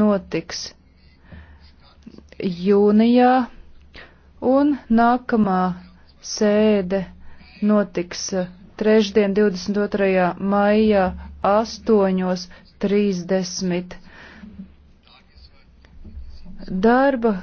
notiks jūnijā, un nākamā sēde notiks eh, trešdien 22. maijā 8.30. Darba